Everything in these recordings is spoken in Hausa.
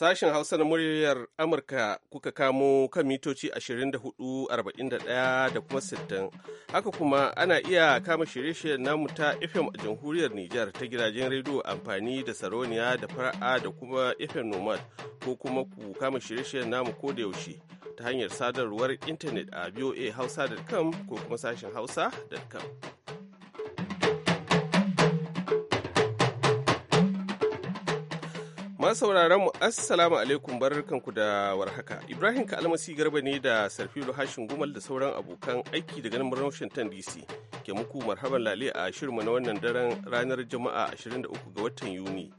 Sashen Hausa na muryar Amurka kuka kamo kan mitoci 24,41 da kuma 60. Haka kuma ana iya kama shirye-shiryen namu ta FM a jamhuriyar Nijar ta gidajen rediyo amfani da Saroniya da Fara'a da kuma FM Nomad ko kuma ku kama shirye-shiryen namu ko da yaushe ta hanyar sadarwar intanet a voahausa.com ko kuma sashen hausa.com. sauraron mu assalamu alaikum barkanku da warhaka ibrahim kalmasi garba ne da sarfilu hashin gumal da sauran abokan aiki daga nan washington dc ke muku marhaban lale a shirma na wannan daren ranar juma'a 23 ga watan yuni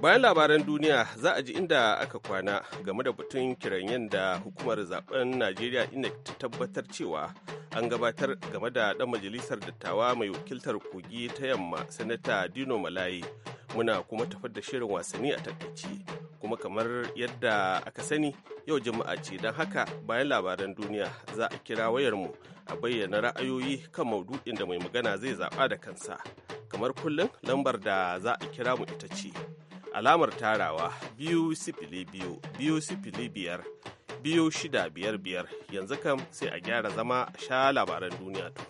bayan labaran duniya za a ji inda aka kwana game da batun kiranyen da hukumar zaben najeriya inec ta tabbatar cewa an gabatar game da dan majalisar dattawa mai wakiltar kogi ta yamma sanata dino malaye muna kuma tafar da shirin wasanni a takaici kuma kamar yadda aka sani yau juma'a ce don haka bayan labaran duniya za a kira wayarmu a bayyana ra'ayoyi kan maudu'in da mai magana zai zaɓa da kansa kamar kullum lambar da za a kira mu ita ce alamar tarawa biyu sifili biyu biyu sifili biyar biyu shida biyar biyar yanzu kam sai a gyara zama a sha labaran duniya to.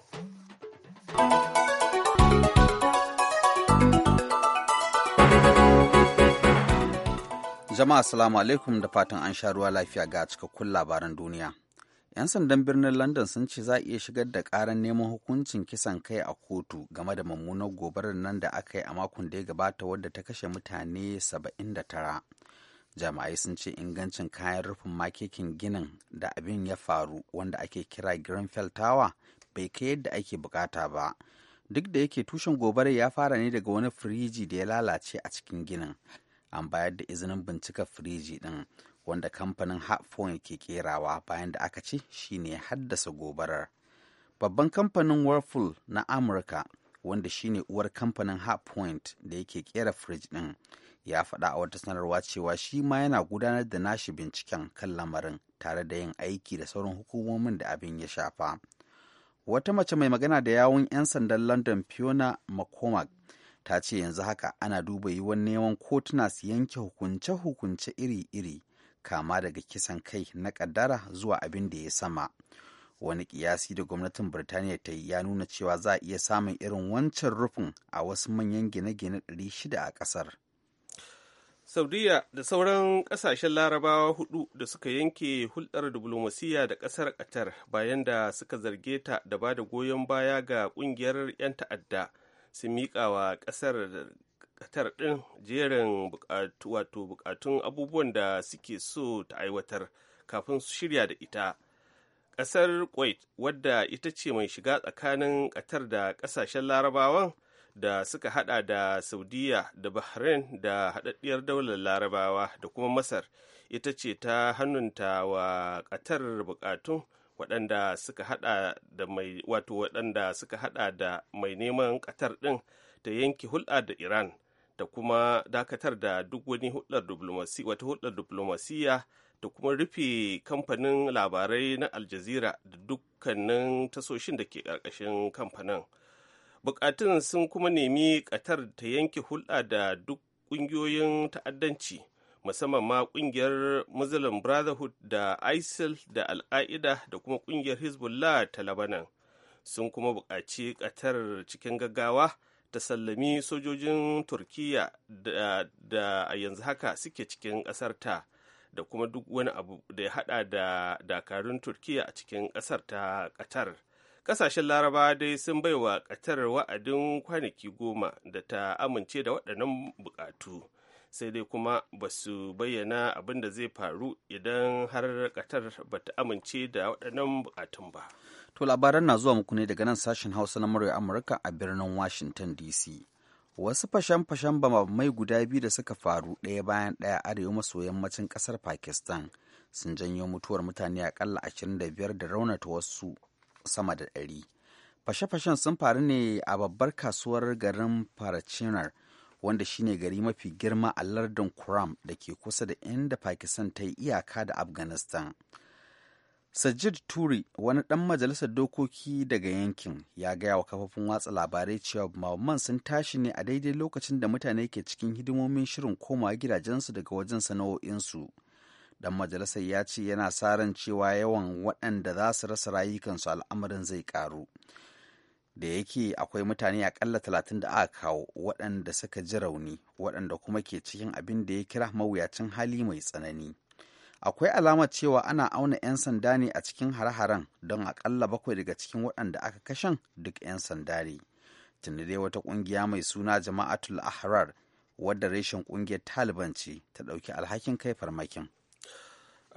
Jama'a salamu alaikum da fatan an sha ruwa lafiya ga cikakkun labaran duniya. 'Yan sandan birnin London sun ce za a iya shigar da karan neman hukuncin kisan kai a kotu game da mummunar gobarar nan da aka yi a makon da ya gabata wadda ta kashe mutane saba'in da tara. Jama'ai sun ce ingancin kayan rufin makekin ginin da abin ya faru wanda ake kira Grenfell Tower bai kai yadda ake bukata ba. Duk da yake tushen gobarar ya fara ne daga wani firiji da ya lalace a cikin ginin. an bayar da izinin bincika firiji ɗin wanda kamfanin Hartford ke kerawa bayan da aka ce shi ne haddasa gobarar. Babban kamfanin Whirlpool na Amurka wanda shine uwar kamfanin Hartpoint da yake kera firiji ɗin ya faɗa a wata sanarwa cewa shi ma yana gudanar da nashi binciken kan lamarin tare da yin aiki da sauran hukumomin da abin ya shafa. Wata mace mai magana da yawun 'yan sandan London Fiona McCormack ta ce yanzu haka ana duba yiwuwar neman kotuna su yanke hukunce-hukunce iri-iri kama daga kisan kai na kaddara zuwa abin da ya sama wani kiyasi da gwamnatin birtaniya ta yi ya nuna cewa za a iya samun irin wancan rufin a wasu manyan gine-gine 600 a kasar saudiya da sauran kasashen larabawa hudu da suka yanke hulɗar diflomasiyya da ƙasar qatar bayan da suka zarge ta da ba da goyon baya ga ƙungiyar 'yan ta'adda sun miƙa wa ƙasar ƙatar ɗin jerin wato bukatun abubuwan da suke so ta aiwatar kafin su shirya da ita. Ƙasar Kuwait wadda ita ce mai shiga tsakanin ƙatar da ƙasashen larabawan da suka hada da Saudiya da Bahrain da haɗaɗɗiyar daular larabawa da kuma Masar ita ce ta hannunta wa ƙatar bukatun waɗanda suka hada da mai wato waɗanda suka hada da mai neman ƙatar ɗin ta yanke hulɗa da iran da kuma dakatar da duk wani hulɗar diplomasiya wata hulɗar diplomasiya da kuma rufe kamfanin labarai na aljazira da dukkanin tasoshin da ke ƙarƙashin kamfanin bukatun sun kuma nemi ƙatar ta yanke hulɗa da duk ƙungiyoyin ta'addanci musamman ma kungiyar muslim brotherhood da isil da al'aida da kuma kungiyar hezbollah ta labanan sun kuma buƙaci ƙatar cikin gaggawa ta sallami sojojin turkiya da a yanzu haka suke cikin ƙasarta da kuma duk wani abu da ya haɗa da dakarun turkiya a cikin ƙasar ta ƙatar ƙasashen laraba dai sun baiwa ƙatar wa'adin kwanaki goma da ta amince da waɗannan buƙatu sai dai kuma ba su bayyana abin da zai faru idan har katar ba ta amince da waɗannan bukatun ba to labaran na zuwa muku ne daga nan sashen hausa na murya amurka a birnin washington dc wasu fashen-fashen mai guda biyu da suka faru ɗaya bayan ɗaya arewa maso yammacin ƙasar pakistan sun janyo mutuwar mutane aƙalla 25 da raunata wasu sama da ɗari fashe-fashen sun faru ne a babbar kasuwar garin parachinar wanda shine gari mafi girma a lardin kuram da ke kusa da inda pakistan ta yi iyaka da afghanistan sajid turi wani ɗan majalisar dokoki daga yankin ya gaya wa kafafin watsa labarai cewa maman sun tashi ne a daidai lokacin da mutane ke cikin hidimomin shirin komawa gidajensu daga wajen sana'o'insu ɗan majalisar ya ce yana sa ran cewa yawan waɗanda za su rasa rayukansu al'amarin zai ƙaru da yake akwai mutane akalla talatin da aka kawo waɗanda suka ji rauni waɗanda kuma ke cikin abin da ya kira mawuyacin hali mai tsanani akwai alamar cewa ana auna 'yan sanda ne a cikin hare-haren don akalla bakwai daga cikin waɗanda aka kashen duk 'yan sanda ne tunda dai wata ƙungiya mai suna jama'atul ahrar wadda reshen ƙungiyar taliban ce ta ɗauki alhakin kai farmakin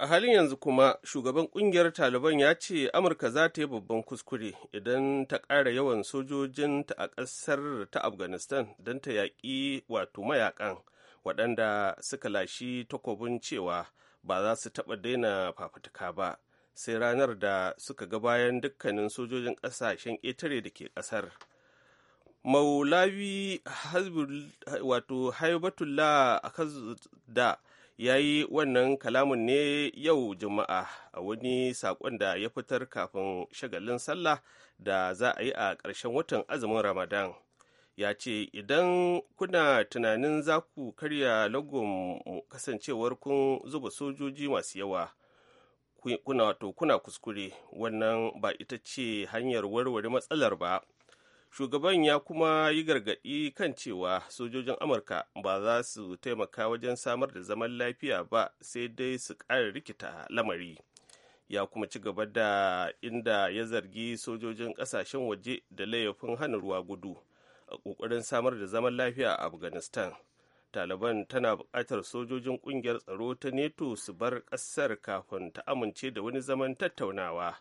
a halin yanzu kuma shugaban kungiyar taliban ya ce amurka za ta yi babban kuskure idan ta ƙara yawan sojojinta a ƙasar ta afghanistan don ta yaƙi wato mayakan waɗanda suka lashi takobin cewa ba za su taɓa daina fafutuka ba sai ranar da suka ga bayan dukkanin sojojin ƙasashen ƙetare da ke ƙasar maulawi wato haibatullah da ya yi wannan kalamin ne yau juma'a a wani saƙon da ya fitar kafin shagalin sallah da za a yi a ƙarshen watan azumin ramadan ya ce idan kuna tunanin za ku karya lagon kasancewar kun zuba sojoji masu yawa wato kuna kuskure wannan ba ita ce hanyar warware matsalar ba shugaban ya kuma yi gargaɗi kan cewa sojojin amurka ba za su taimaka wajen samar da zaman lafiya ba sai dai su ƙara rikita lamari ya kuma ci gaba da inda ya zargi sojojin ƙasashen waje da laifin hana ruwa gudu a ƙoƙarin samar da zaman lafiya a afghanistan taliban tana buƙatar sojojin ƙungiyar tsaro ta neto su bar ƙasar kafin ta amince da wani zaman tattaunawa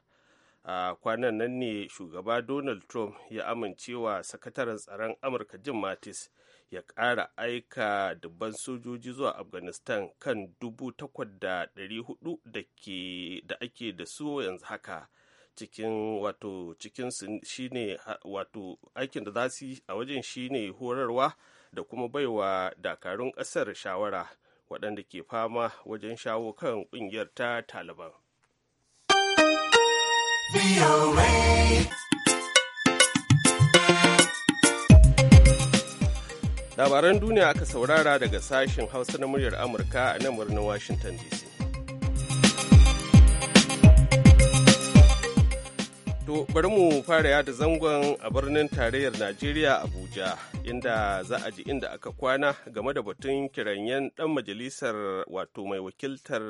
a kwanan nan ne shugaba donald trump ya amincewa sakataren tsaron amurka jim mattis ya ƙara aika dubban sojoji zuwa afghanistan kan 8,400 da ake da su yanzu haka cikin wato cikin shine wato aikin da za su yi a wajen shine horarwa da kuma baiwa dakarun ƙasar shawara waɗanda ke fama wajen shawo kan ƙungiyar ta taliban Labaran duniya aka saurara daga sashen Hausa na muryar Amurka a nan birnin Washington DC. To bari mu fara yada zangon a birnin tarayyar Najeriya Abuja inda za a ji inda aka kwana game da batun kiranyen ɗan majalisar wato mai wakiltar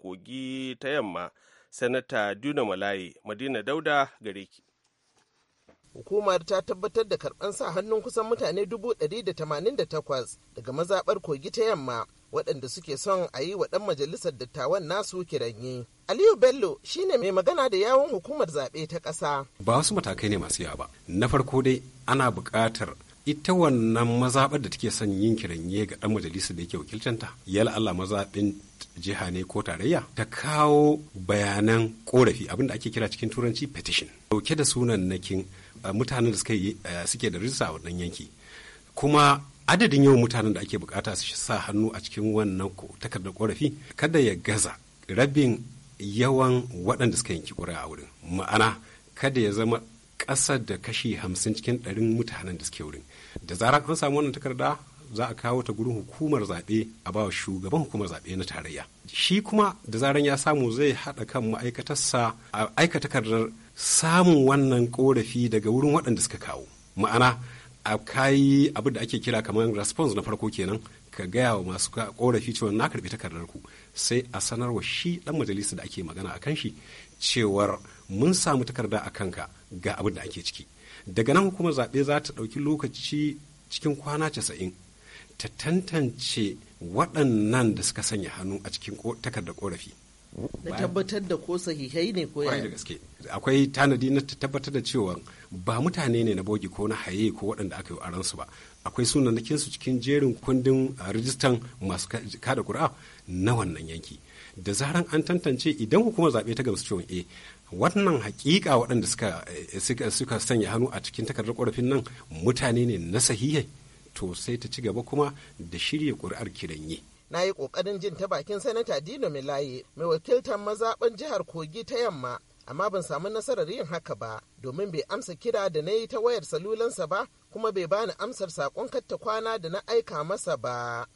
kogi ta yamma sanata duna malaye madina dauda gare ki hukumar ta tabbatar da karɓar sa hannun kusan mutane 188 daga mazaɓar kogi ta yamma waɗanda suke son a yi wa ɗan majalisar dattawan nasu kiranye. Aliyu Bello shine mai magana da yawon hukumar zaɓe ta ƙasa. Ba wasu matakai ne masu yawa ba. Na farko dai ana buƙatar ita wannan mazaɓar da take son yin kiranye ga ɗan majalisa da yake wakiltanta yala Allah mazaɓin jiha ne ko tarayya ta kawo bayanan korafi abinda ake kira cikin turanci petition dauke da sunan nakin mutanen da suke da rijista a wannan yanki kuma adadin yawan mutanen da ake bukata su sa hannu a cikin wannan takardar korafi kada ya gaza rabin yawan waɗanda suka yanki ƙuri'a a wurin ma'ana kada ya zama ƙasa da kashi hamsin cikin ɗarin mutanen da suke wurin da zarar an samu wannan takarda za a kawo ta gurin hukumar zaɓe a ba shugaban hukumar zaɓe na tarayya shi kuma da zarar ya samu zai haɗa kan ma'aikatarsa a aika takardar samun wannan korafi daga wurin waɗanda suka kawo ma'ana a kayi abin da ake kira kamar response na farko kenan ka gaya wa masu korafi cewa na karɓi takardar ku sai a sanarwa shi dan majalisar da ake magana a kan shi cewar mun samu takarda a kanka ga abin da ake ciki daga nan kuma zaɓe za ta ɗauki lokaci cikin kwana casa'in ta tantance waɗannan da suka sanya hannu a cikin takarda ƙorafi. Da tabbatar da ko sahihai ne ko yaya? da gaske. Akwai tanadi na tabbatar da cewa ba mutane ne na bogi ko na haye ko waɗanda aka yi aransu ba. Akwai sunanakin su cikin jerin kundin rijistan masu kada ƙura na wannan yanki. Da zaran an tantance idan hukumar zaɓe ta gamsu cewa eh wannan hakika waɗanda eh, suka suka sanya hannu a cikin takardar ƙorafin nan mutane ne na sahihi to sai ta ci gaba kuma da shirya ƙuri'ar kiranye. na yi ƙoƙarin jin ta bakin sanata dino milaye mai wakiltar mazaɓin jihar kogi ta yamma amma ban samu nasarar yin haka ba domin bai amsa kira da na yi ta wayar salulansa ba kuma bai bani amsar saƙon katta kwana da na aika masa ba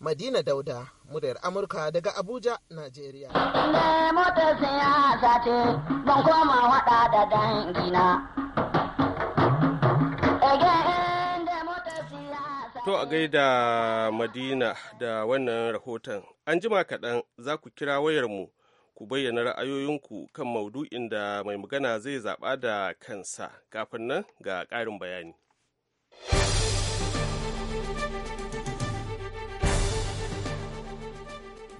Madina Dauda, muryar Amurka daga Abuja, Najeriya. Ne siyasa ce, koma da dangina. To a gaida Madina da wannan rahoton, an jima kaɗan za ku kira wayarmu ku bayyana ra'ayoyinku kan maudu'in da mai magana zai zaɓa da kansa kafin nan ga ƙarin bayani.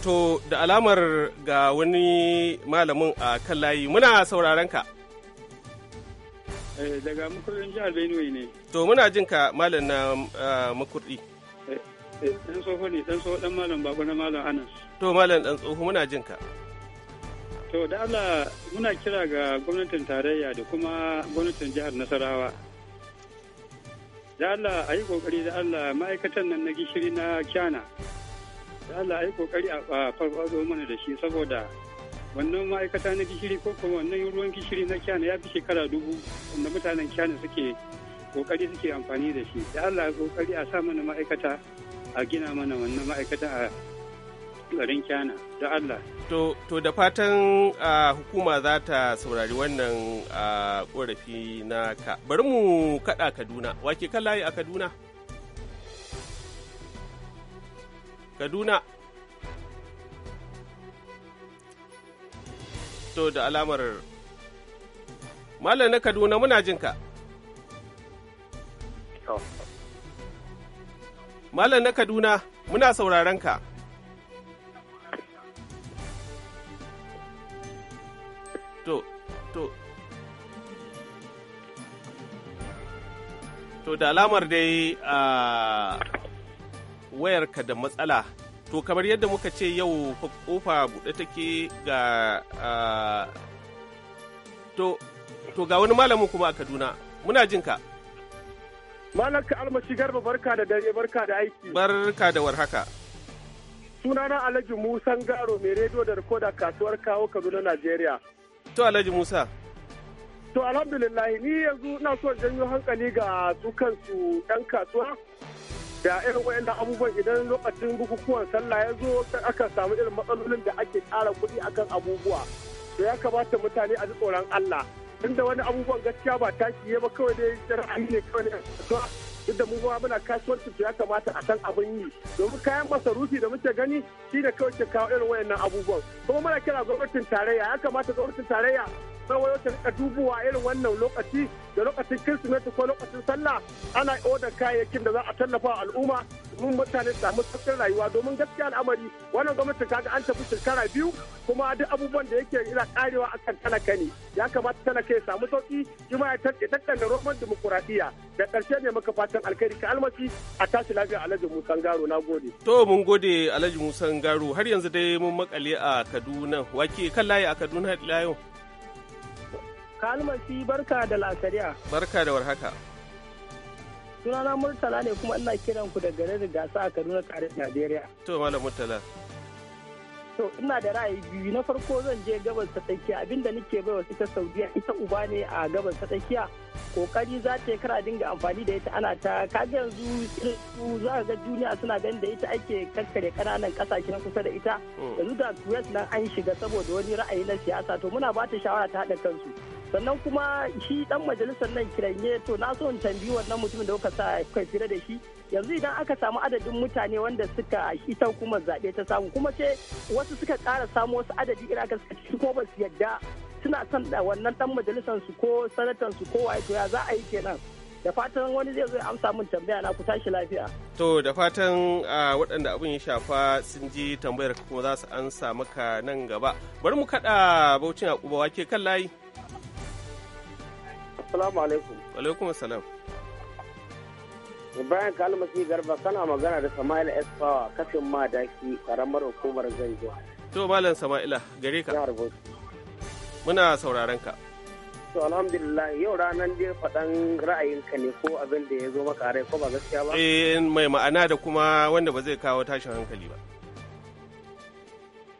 To da alamar ga wani malamin a kan layi muna sauraron ka. Eh, daga makurin jihar Benue ne. To muna jin ka malam na makurdi. Eh, eh, dan tsoho ne, dan tsoho dan malam bako na malam Anas. To malam dan tsoho muna jin ka. To da Allah muna kira ga gwamnatin tarayya da kuma gwamnatin jihar Nasarawa. Da Allah a yi kokari da Allah ma'aikatan nan na gishiri na kyana. da Allah ya yi kokari a farfazo mana da shi saboda wannan ma'aikata na gishiri ko kuma wannan ruwan gishiri na kyana ya fi shekara dubu wanda mutanen kyana suke kokari suke amfani da shi da Allah ya kokari a sa mana ma'aikata a gina mana wannan ma'aikata a garin kyana da Allah. To, da fatan uh, hukuma za ta saurari wannan uh, korafi na ka. Bari mu kaɗa Kaduna, wake kan layi a Kaduna? Kaduna. To da alamar Malam na Kaduna muna jin ka. Malam na Kaduna muna sauraron ka. To, to, to da alamar dai a ah, wayarka da matsala to kamar yadda muka ce yau kofa buɗe take ga ah, to to ga wani malamin kuma a kaduna muna jin ka malaka almashi garba barka da dare barka da aiki barka da warhaka sunana alhaji musa garo mai rediyo da rikoda kasuwar kawo kaduna najeriya to alhaji musa to alhamdulillah ni yanzu ina so janyo hankali ga su kansu 'yan kasuwa da irin wayannan abubuwan idan lokacin bukukuwan sallah ya zo aka samu irin matsalolin da ake ƙara kuɗi akan abubuwa to ya kamata mutane a ji tsoron Allah inda wani abubuwan gaskiya ba taki ya ba kawai dai ra'ayi ne kawai ne duk da mu ma muna kasuwanci ya kamata a san abin yi domin kayan masarufi da muke gani shi da kawai ke kawo irin wayannan abubuwan kuma muna kira gwamnatin tarayya ya kamata gwamnatin tarayya sauro ta rika dubuwa irin wannan lokaci da lokacin kirsimeti ko lokacin sallah ana odar kayayyakin da za a tallafa al'umma mun mutane su samu sauƙin rayuwa domin gaskiya al'amari wannan gwamnati ta ga an tafi shekara biyu kuma duk abubuwan da yake ina karewa akan talaka ne ya kamata talaka ya samu sauki kuma ya dakkan da roman dimokuraɗiyya da ƙarshe ne maka fatan alkhairi ka almasi a tashi lafiya alhaji musan garo na gode. to mun gode alhaji musan garo har yanzu dai mun makale a kaduna wake kan layi a kaduna layo. Kalmasi barka da lasariya. Barka da warhaka. Sunana Murtala ne kuma ina kiran ku da garin gasa a Kaduna tare da Najeriya. To Malam Murtala. To ina da ra'ayi biyu na farko zan je gabas ta tsakiya abinda nake bai wasu ta Saudiya ita uba ne a gabas ta tsakiya kokari za ta kara dinga amfani da ita ana ta kaga yanzu za ga duniya suna ganin da ita ake kakkare kananan kasashe na kusa da ita mm. yanzu da kuwait na an shiga saboda wani ra'ayi na siyasa to muna ba ta shawara ta haɗa kansu sannan kuma shi dan majalisar nan kiranye to na so in tambi wannan mutumin da kuka sa kai fira da shi yanzu idan aka samu adadin mutane wanda suka ita hukumar zaɓe ta samu kuma ce wasu suka ƙara samu wasu adadi irin aka suka ci ko ba su yadda suna son wannan dan majalisar su ko sanatan su ko waye to ya za a yi kenan da fatan wani zai zo ya amsa min tambaya na ku tashi lafiya. To da fatan waɗanda abin ya shafa sun ji tambayar kuma za su ansa maka nan gaba. Bari mu kaɗa Bauchin akubawa ke kan layi. Assalamu alaikum. Alaikum assalam. Ibrahim Kalmasi Garba kana magana da Sama'il S. Fawa kafin madaki karamar hukumar zo. To Malam Sama'ila gare ka. Muna sauraron ka. To alhamdulillah yau ranar dai faɗan ra'ayinka ne ko abin da ya zo maka rai ko ba gaskiya ba? Eh mai ma'ana da kuma wanda ba zai kawo tashin hankali ba.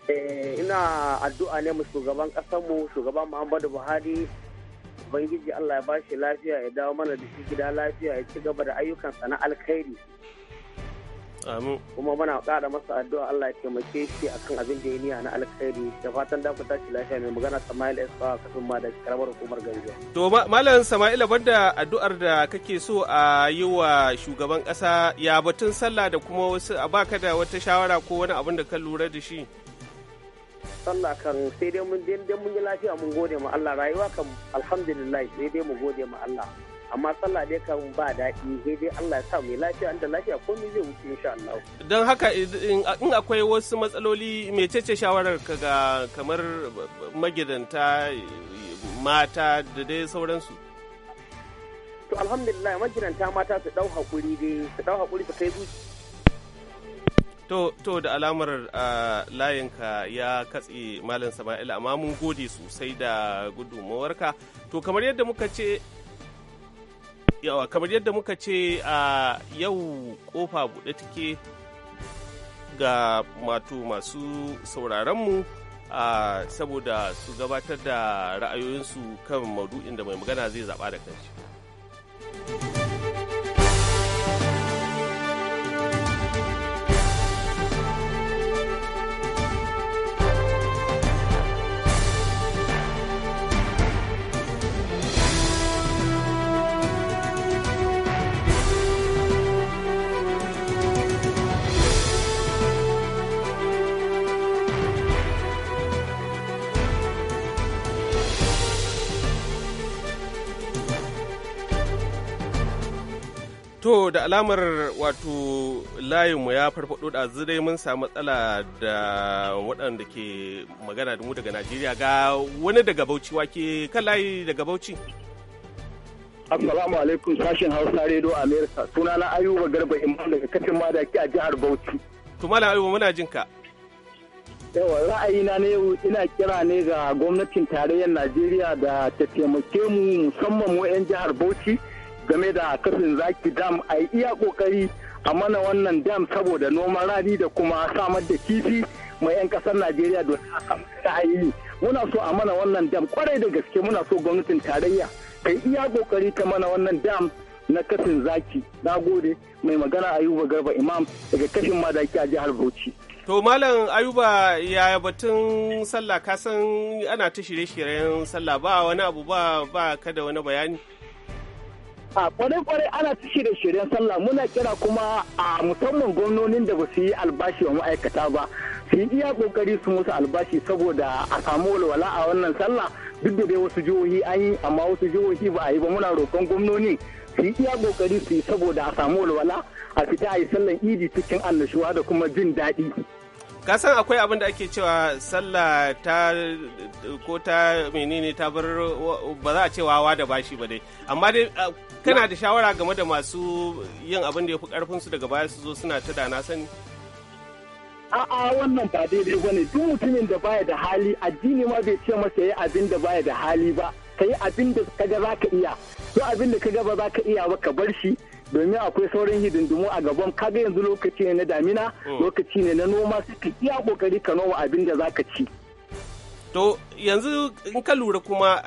Eh ina addu'a ne mu shugaban ƙasarmu shugaban Muhammadu Buhari ubangiji Allah ya bashi lafiya ya dawo mana da shi gida lafiya ya ci gaba da ayyukansa na alkhairi Amin. Kuma muna kada masa addu'a Allah ya taimake shi akan abin da ya niya na alkhairi da fatan da ku tashi lafiya mai magana Sama'il Isfawa kafin ma da karamar hukumar Ganjo. To malam Sama'ila banda addu'ar da kake so a yi wa shugaban kasa ya batun sallah da kuma wasu baka da wata shawara ko wani abin da ka lura da shi. sallah kan sai dai mun dai mun yi lafiya mun gode ma Allah rayuwa kan alhamdulillah sai dai mu gode ma Allah amma sallah dai kan ba daɗi sai dai Allah ya sa mu lafiya inda lafiya komai zai wuce insha Allah dan haka in akwai wasu matsaloli mecece shawarar ka ga kamar magidanta mata da dai sauransu to alhamdulillah magidanta mata su dau hakuri dai su dau hakuri su kai zuciya To, to da alamar layinka ya katse Malam Sama'ila, amma mun gode sosai da gudunmawarka. To, kamar yadda muka ce, yawa kamar yadda muka ce a yau kofa buɗe take ga mato masu sauraronmu a saboda su gabatar da ra'ayoyinsu kan maudu'in da mai magana zai zaɓa da kanshi. To da alamar wato layinmu ya farfaɗo da dai mun samu matsala da waɗanda ke magana da mu daga Najeriya ga wani daga Bauchi wake kan layi daga Bauchi. Assalamu alaikum sashen Hausa Radio America sunana Ayuba Garba Imam daga kacin madaki a jihar Bauchi. To Malam Ayuba muna jin ka. Yawa ra'ayina ne ina kira ne ga gwamnatin tarayyar Najeriya da ta taimake mu musamman mu 'yan jihar Bauchi. game da kafin zaki dam a yi iya kokari a mana wannan dam saboda noman rani da kuma samar da kifi mai 'yan kasar najeriya don a yi muna so a mana wannan dam kwarai da gaske muna so gwamnatin tarayya ta yi iya kokari ta mana wannan dam na kafin zaki na gode mai magana ayuba garba imam daga kafin madaki a jihar bauchi to malam ayuba ya batun sallah kasan ana ta shirye-shiryen sallah ba wani abu ba ba ka da wani bayani a kwarai-kwarai ana ta shirye-shiryen sallah muna kira kuma a musamman gwamnonin da ba su yi albashi wa ma'aikata ba su yi iya kokari su musu albashi saboda a samu walwala a wannan sallah duk da dai wasu jihohi an yi amma wasu jihohi ba a yi ba muna roƙon gwamnoni su yi iya kokari su yi saboda a samu walwala a fita a yi sallan idi cikin annashuwa da kuma jin daɗi. ka san akwai abin da ake cewa sallah ta ko ta menene ta bar ba za a ce wawa da bashi ba dai amma dai kana da shawara game da masu yin abin da ya fi karfin su daga baya su zo suna ta dana sani a'a wannan ba daidai ba ne duk mutumin da baya da hali addini ma bai ce masa ya abin da baya da hali ba ka yi abin da kaga za ka iya to abin da kaga ba za ka iya ba ka bar shi domin akwai sauran hidindimu a gaban kaga yanzu lokaci ne na damina mm. lokaci ne na noma sai ka iya kokari ka noma abin da ka ci to yanzu in ka lura kuma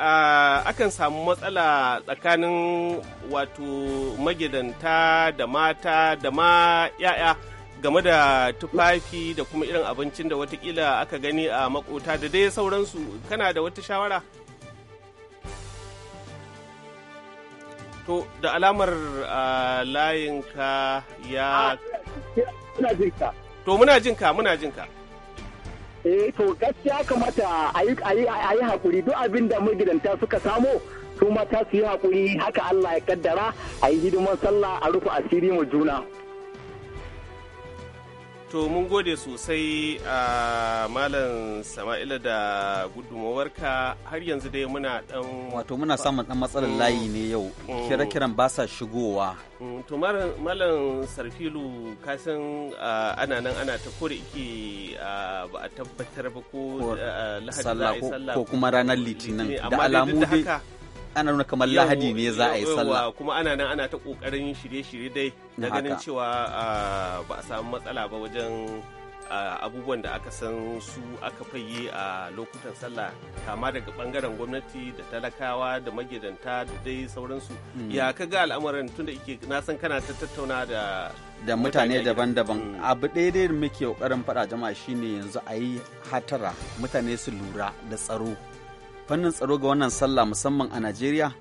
akan samu matsala tsakanin wato magidanta da mata da ma 'ya'ya game da tufafi da kuma irin abincin da watakila aka gani a makota da dai sauransu kana da wata shawara? To da alamar layinka ya. Ah, muna jin To muna jin muna jin Eh to gaskiya kamata a yi hakuri duk abin da magidanta suka samo su mata su yi hakuri haka Allah ya kaddara a yi hidiman sallah a rufe asiri mu juna. to mun gode sosai a malam sama'ila da gudunmawarka har yanzu dai muna dan wato muna samun dan matsalar mm. layi ne yau mm. kira-kiran ba sa shigowa mm, to malam sarfilu kasan ana nan ana ta kore ike ba a tabbatar ba ko lahadi ko kuma ranar litinin da alamu dai ana nuna kamar lahadi ne za a yi sallah kuma ana nan ana ta kokarin shirye-shirye dai na ganin cewa ba a samu matsala ba wajen abubuwan da aka san su aka fayye a lokutan sallah kama daga bangaren gwamnati da talakawa da magidanta da dai sauransu hmm. ya ka ga al'amuran tunda ike na san kana ta tattauna da da mutane daban-daban hmm. abu ɗaya dai da muke ƙoƙarin faɗa jama'a shine yanzu a yi hatara mutane su lura da tsaro fannin tsaro ga wannan sallah musamman a najeriya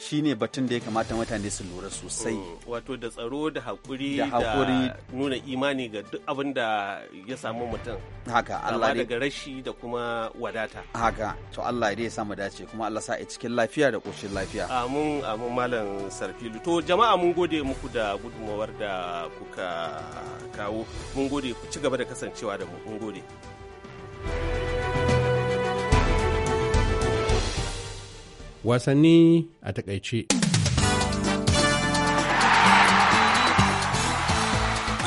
shi ne batun da ya kamata mutane su lura sosai oh, wato da tsaro da haƙuri da nuna imani ga duk abin da ya samu mutum haka Allah daga rashi da kuma wadata haka to Allah ya samu dace kuma Allah sa a cikin lafiya da ƙoshin lafiya amin amin malam sarfilu to jama'a mun gode muku da gudunmawar da kuka kawo mun gode ku ci gaba da kasancewa da mu mun gode wasanni a takaice.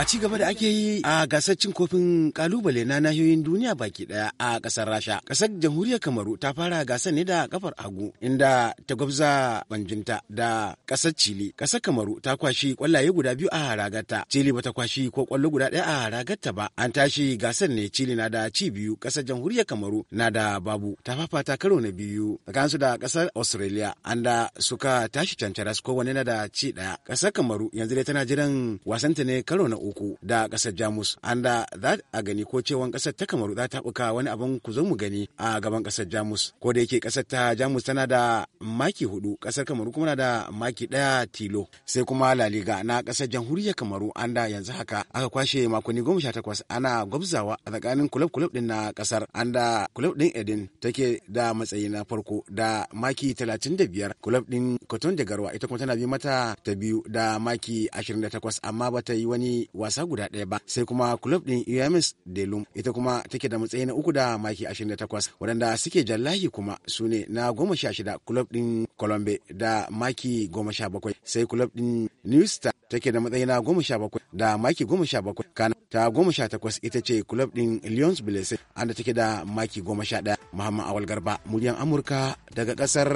a ci gaba da ake yi a gasar cin kofin kalubale na nahiyoyin duniya baki daya a kasar rasha kasar jamhuriyar kamaru ta fara gasar ne da kafar agu inda ta gwabza banjinta da kasar chile kasar kamaru ta kwashi kwallaye guda biyu a ragarta chile bata kwashi ko kwallo guda daya a ragarta ba an tashi gasar ne chile na da ci biyu kasar jamhuriyar kamaru na da babu ta fafata karo na biyu tsakaninsu da kasar australia da suka tashi cancaras wani na da ci daya kasar kamaru yanzu dai tana jiran wasanta ne karo na uku uku da ƙasar Jamus. An da za a gani ko cewan kasar ta Kamaru za ta buka wani abin ku zo mu gani a gaban kasar Jamus. Ko da yake kasar ta Jamus tana da maki hudu, ƙasar Kamaru kuma na da maki ɗaya tilo. Sai kuma laliga na kasar Jamhuriyar Kamaru an da yanzu haka aka kwashe makonni goma sha takwas ana gwabzawa a tsakanin kulab-kulab ɗin na kasar An da kulab ɗin Edin take da matsayi na farko da maki talatin da biyar. Kulab ɗin koton da Garwa ita kuma tana bi mata ta biyu da maki ashirin da takwas amma bata yi wani wasa guda ɗaya ba sai kuma club din UMS Delum ita kuma take da matsayi na uku da maki 28 waɗanda suke jallahi kuma su ne na goma sha shida club din Colombe da maki goma sha bakwai sai club din New Star take da matsayi na goma sha bakwai da maki goma sha bakwai kana ta goma sha takwas ita ce club din Lions Blessing anda take da maki goma sha ɗaya Muhammad Awal Garba muryan Amurka daga ƙasar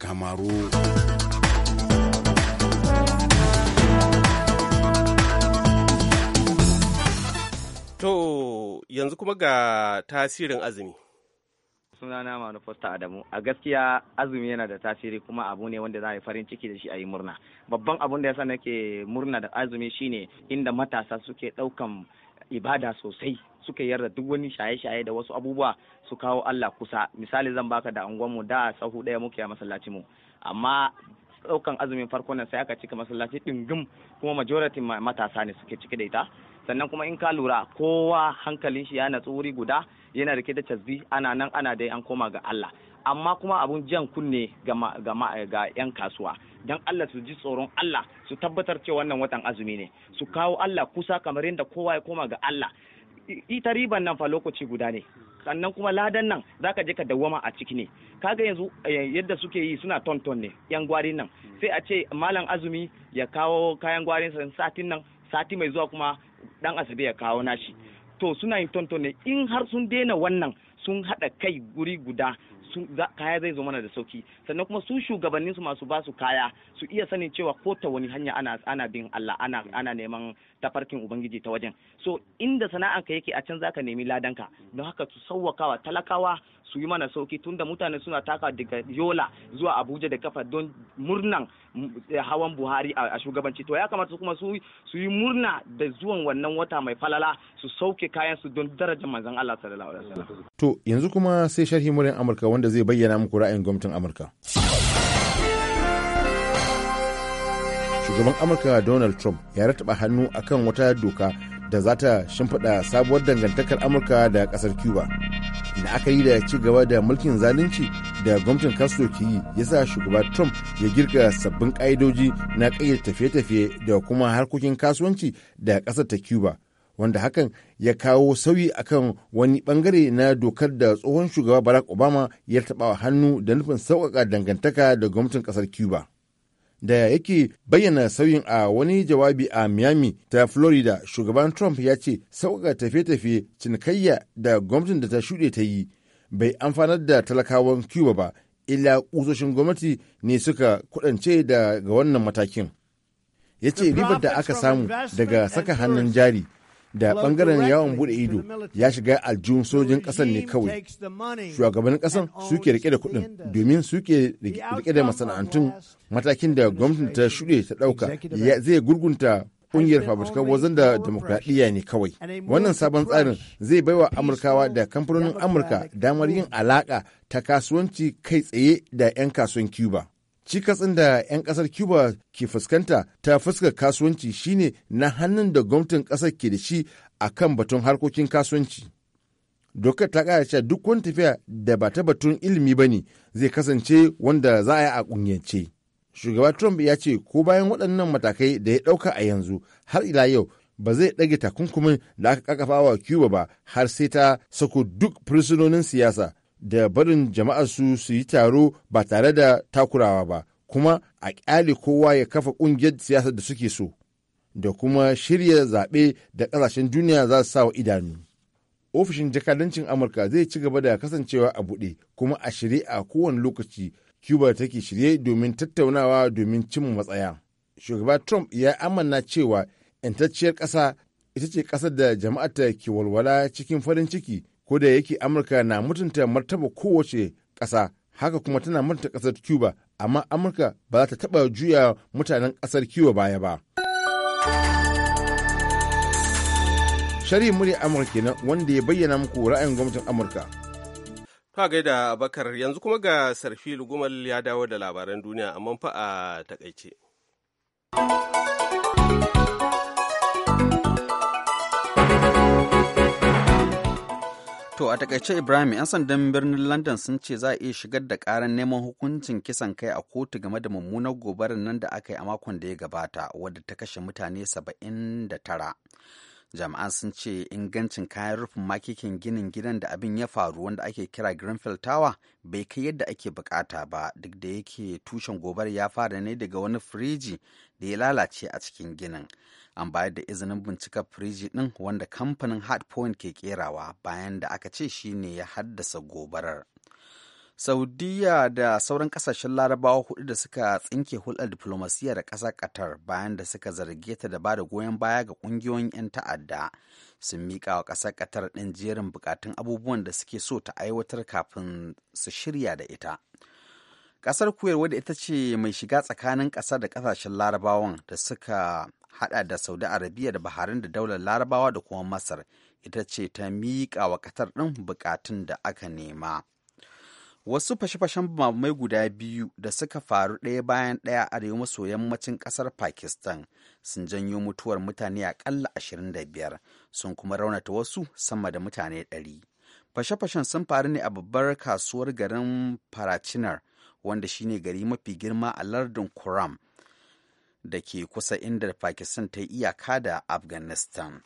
Kamaru. To yanzu kuma ga tasirin azumi. sunana manufosta adamu a gaskiya azumi yana da tasiri kuma abu ne wanda za a yi farin ciki da shi a yi murna babban abun da ya yasa ke murna da azumi shine inda matasa suke ɗaukan ibada sosai suka yarda duk wani shaye-shaye da wasu abubuwa su kawo Allah kusa misali zan baka da mu da sahu ɗaya muke a masallaci mu amma ɗaukan azumin farko nan sai aka cika masallaci ɗingim kuma majority matasa ne suke ciki da ita sannan kuma in ka lura kowa hankalin shi ya natsu wuri guda yana rike da tasbi ana nan ana dai an koma ga Allah amma kuma abun jan kunne ga 'yan kasuwa don Allah su ji tsoron Allah su tabbatar cewa wannan watan azumi ne su kawo Allah kusa kamar yadda kowa ya koma ga Allah ita riban nan fa lokaci guda ne sannan kuma ladan nan zaka je ka dawwama a ciki ne kaga yanzu eh, yadda suke yi suna tonton ne yan gwarin nan sai a ce malam azumi ya kawo kayan gwarin satin nan sati mai zuwa kuma dan asibi ya kawo nashi to suna yin tonto ne in har sun daina wannan sun haɗa kai guri guda kaya zai zo mana da sauki sannan kuma su shugabannin su masu basu kaya su iya sanin cewa ko ta wani hanya ana ana bin Allah ana ana neman tafarkin ubangiji ta wajen so inda ka yake a can zaka nemi ka don haka su sauwakawa talakawa su yi mana sauki tunda mutane suna taka daga yola zuwa abuja da kafa don murnan eh, hawan buhari a shugabanci to ya kamata kuma su yi murna da zuwan wannan wata mai falala su sauke kayan su don darajar manzon allah sallallahu alaihi wasallam To yanzu kuma sai sharhi muryar Amurka wanda zai bayyana muku ra'ayin gwamnatin Amurka. Shugaban Amurka Donald Trump ya rataba hannu akan wata doka da za ta shimfiɗa sabuwar dangantakar Amurka da ƙasar Cuba. Da aka yi da ci gaba da mulkin zalunci da gwamnatin Castro ke yi ya sa shugaba Trump ya girka sabbin ƙa'idoji na ƙayyar tafiye-tafiye da kuma harkokin kasuwanci da ƙasar ta Cuba wanda hakan ya kawo sauyi akan wani bangare na dokar da tsohon shugaba barack obama ya taɓa hannu da nufin sauƙaƙa dangantaka da gwamnatin ƙasar cuba da yake bayyana sauyin a wani jawabi a miami ta florida shugaban trump ya ce sauƙaƙa tafiye-tafiye cinikayya da gwamnatin da ta shuɗe ta yi bai amfanar da talakawan cuba ba illa ƙusoshin gwamnati ne suka kudance daga wannan matakin ya ce ribar da aka samu daga saka hannun jari da bangaren yawon bude ido ya shiga aljihun sojin kasan ne kawai shugabannin kasan suke rike da kudin domin suke rike da masana'antun matakin da gwamnati ta shuɗe ta ɗauka zai gurgunta kungiyar fafutukar wazan da demokradiyya ne kawai wannan sabon tsarin zai baiwa amurkawa da kamfanonin amurka damar yin alaka ta kasuwanci kai tsaye da 'yan kasuwan cuba cikas ɗin da 'yan ƙasar cuba ke fuskanta ta fuskar kasuwanci shine na hannun da gwamnatin ƙasar ke da shi a kan batun harkokin kasuwanci dokar ta ƙara cewa duk wani tafiya da ba ta batun ilimi ba ne zai kasance wanda za a yi a ƙungiyance shugaba trump ya ce ko bayan waɗannan matakai da ya ɗauka a yanzu har ila yau ba zai ɗage takunkumin da aka ƙaƙafa wa cuba ba har sai ta sako duk fursunonin siyasa da barin jama'arsu su yi taro ba tare da takurawa ba kuma a ƙyale kowa ya kafa ƙungiyar siyasar da suke so da kuma shirya zaɓe da ƙasashen duniya za su sa wa idanu. Ofishin jakadancin Amurka zai ci gaba da kasancewa a buɗe kuma a shirye a kowane lokaci Cuba take shirye domin tattaunawa domin cimma matsaya. Shugaba Trump ya amanna cewa 'yantacciyar ƙasa ita ce ƙasar da ta ke walwala cikin farin ciki. ko da yake amurka na mutunta martaba kowace ƙasa haka kuma tana mutunta ƙasar cuba amma amurka ba za ta taɓa juya mutanen ƙasar cuba baya ba sharhi murya amurka kenan wanda ya bayyana muku ra'ayin gwamnatin amurka ka gaida abakar yanzu kuma ga sarfi gumal ya dawo da labaran duniya amma fa a takaice To a takaice Ibrahim 'yan sandan birnin London sun ce za a iya shigar da karan neman hukuncin kisan kai a kotu game da mummunar gobarar nan da aka yi a makon da ya gabata wadda ta kashe mutane 79. Jami'an sun ce ingancin kayan rufin makikin ginin gidan da abin ya faru wanda ake kira Greenfield Tower bai kai yadda ake bukata ba duk da yake tushen gobar ya fara ne daga wani firiji da ya lalace a cikin ginin. an bayar da izinin bincikar firiji ɗin wanda kamfanin hardpoint ke kerawa bayan da aka ce shi ne ya haddasa gobarar saudiya da sauran kasashen larabawa hudu da suka tsinke hulɗar diflomasiyya da ƙasar qatar bayan da suka zarge ta da ba da goyon baya ga ƙungiyoyin 'yan ta'adda sun miƙa wa ƙasar qatar ɗin jerin buƙatun abubuwan da suke so ta aiwatar kafin su shirya da ita ƙasar kuwait wadda ita ce mai shiga tsakanin ƙasa da ƙasashen larabawan da suka hada da saudi arabiya da baharin da daular larabawa da kuma masar ita ce ta miƙa wa ƙatar ɗin buƙatun da aka nema wasu fashe-fashen mamai guda biyu da suka faru ɗaya bayan ɗaya a arewa maso yammacin ƙasar pakistan sun janyo mutuwar mutane aƙalla biyar, sun kuma raunata wasu sama da mutane 100 fashe-fashen sun faru ne a babbar kasuwar garin farachinar wanda shine gari mafi girma a lardin kuram da ke kusa inda Pakistan ta yi iyaka da Afghanistan.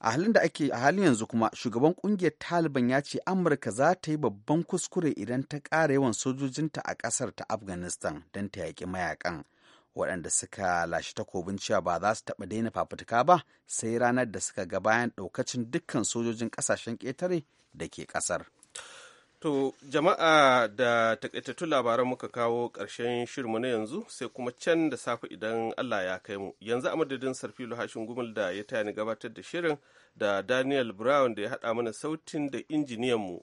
A halin da ake a halin yanzu kuma shugaban kungiyar Taliban ya ce Amurka za ta yi babban kuskure idan ta ƙara yawan sojojinta a ƙasar ta Afghanistan don ta yaƙi mayakan waɗanda suka lashe takobin cewa ba za su taɓa daina fafutuka ba sai ranar da suka ga bayan ɗaukacin dukkan sojojin ƙasashen ƙetare da ke ƙasar. To jama'a da takaitattun labaran muka kawo ƙarshen shirmu na yanzu sai kuma can da safe idan Allah ya kai mu. Yanzu a madadin Sarfilu Hashin Gumul da ya taya ni gabatar da shirin da Daniel Brown da ya haɗa mana sautin da injiniyan mu.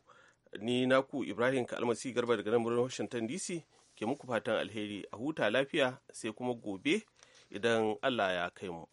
Ni naku Ibrahim Kalmasi Garba daga nan birnin Washington DC ke muku fatan alheri a huta lafiya sai kuma gobe idan Allah ya kai mu.